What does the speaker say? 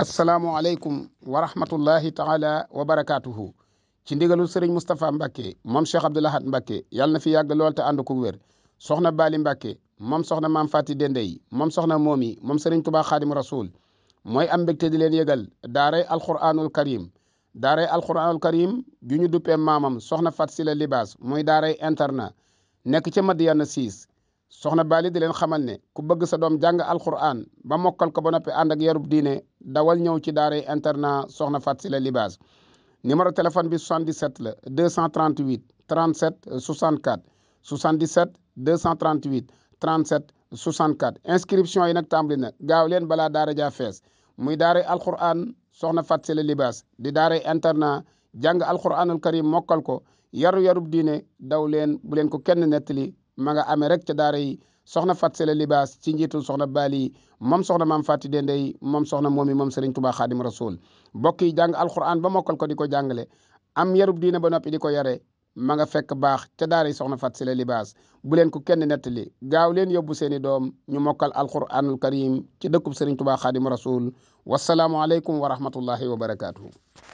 asalaamualeykum wa rahmatullahi taala wa barakaatuhu ci ndigalu sëriñ Moustapha Mbacke moom Cheikh Abdoul Ahad Mbacke yàlla na fi yàgg lool te ànd ko wér soxna Bali Mbacke moom soxna maam Fati Dendey moom soxna Momi moom sëriñ Touba Xaadimu Rasul mooy am mbégte di leen yëgal daaray alquranul karim daaray alquranul karim ju ñu duppee maamam soxna Fat Sila Libaas muy daaray interna nekk ca Madiana 6 soxna Bali di leen xamal ne ku bëgg sa doom jàng alquran ba mokkal ko ba noppi ànd ak yarub diine dawal ñëw ci daara internat Soxna Fatou Sylla Libaas numéro téléphone bi 77 la 238 37 64 77 238 37 64 inscription yi nag tàmbali na gaaw leen balaa daara jaa fees muy daara alquran Soxna Fatou Sylla Libaas di daara internat jàng alquranul karim mokkal ko yaru yarub dine daw leen bu leen ko kenn nettali ma nga amee rek ca daara yi soxna Fat Sele Libaas ci njiitul soxna Bali moom soxna maam Fati Dendey moom soxna moom i moom Serigne Touba Xaadim Rasul mbokk yi jàng alquran ba mokkal ko di ko jàngale am yarub diina ba noppi di ko yare ma nga fekk baax ca daara yi soxna Fat Sele Libaas bu leen ko kenn nettali gaaw leen doom ñu mokkal alquranul karim ci dëkkub Serigne Touba Xaadim Rasul wasalaamualeykum wa rahmatullahi wa barakaatu.